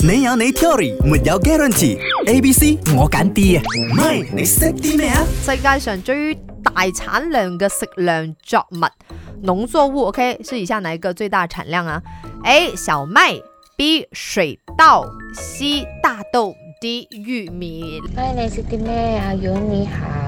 你有你 theory 沒有 guarantee。A、B、C 我揀 D 啊，MY 你識啲咩啊？世界上最大產量嘅食糧作物，農作物，OK，是以下哪一個最大產量啊？A 小麥，B 水稻，C 大豆，D 玉米。妹、哎、你識啲咩啊？有你好。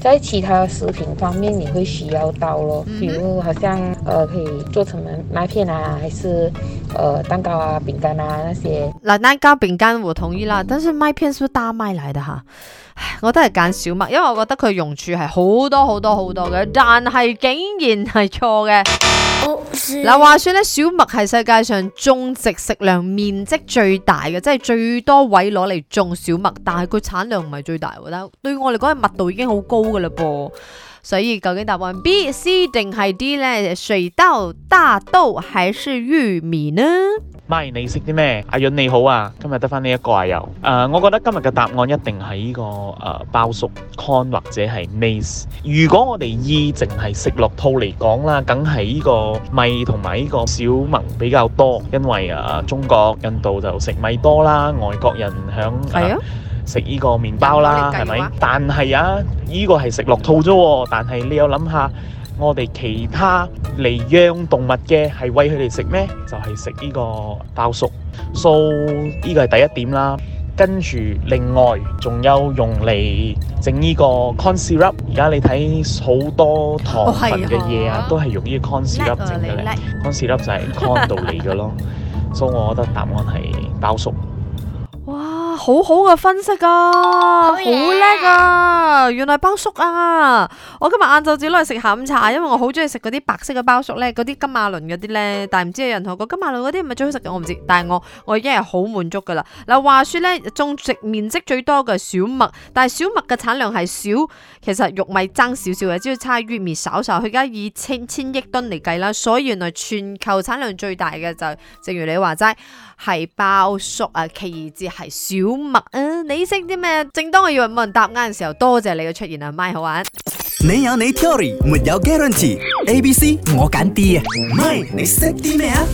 在其他食品方面，你會需要到咯，比如好像，呃，可以做成麥片啊，還是，呃，蛋糕啊、餅乾啊那些。嗱，蛋糕、餅乾我同意啦，嗯、但是麥片是不是大麥嚟的吓，我都係揀小麥，因為我覺得佢用處係好多好多好多嘅，但係竟然係錯嘅。 嗱，話說咧，小麥係世界上種植食糧面積最大嘅，即係最多位攞嚟種小麥，但係佢產量唔係最大，我覺得。對我嚟講，密度已經好高噶啦噃，所以究竟答案 B、C 定係 D 呢？水稻、大豆還是玉米呢？米，你食啲咩？阿潤你好啊，今日得翻呢一個啊又，誒，我覺得今日嘅答案一定係呢、這個誒、啊，包粟 corn 或者係 maize。如果我哋依淨係食落肚嚟講啦，梗係呢個米同埋呢個小麥比較多，因為誒、啊，中國、印度就食米多啦，外國人響係啊，食呢、啊、個面包啦，係咪？但係啊，呢、這個係食落肚啫，但係你有諗下。我哋其他嚟養動物嘅係餵佢哋食咩？就係食呢個包粟。So，呢個係第一點啦。跟住另外仲有用嚟整呢個 corn syrup。而家你睇好多糖分嘅嘢啊，oh, yes. 都係用呢個 corn syrup 整嘅咧。corn syrup 就係 corn 度嚟嘅咯。所以我覺得答案係包粟。好好嘅分析啊，oh、yeah. 好叻啊！原來包粟啊，我今日晏晝只攞嚟食下午茶，因為我好中意食嗰啲白色嘅包粟咧，嗰啲金馬倫嗰啲咧。但係唔知有人同我講金馬倫嗰啲係咪最好食嘅？我唔知。但係我我已經係好滿足嘅啦。嗱，話説咧，種植面積最多嘅小麥，但係小麥嘅產量係少，其實玉米爭少少嘅，只要差玉米少少。佢而家以千千億噸嚟計啦，所以原來全球產量最大嘅就是、正如你話齋係包粟啊，其次係小。好默啊！你識啲咩？正當我以為冇人答啱嘅時候，多謝你嘅出現啊，麥好玩。你有你 theory，沒有 guarantee。A、B、C 我揀 D 啊，麥你識啲咩啊？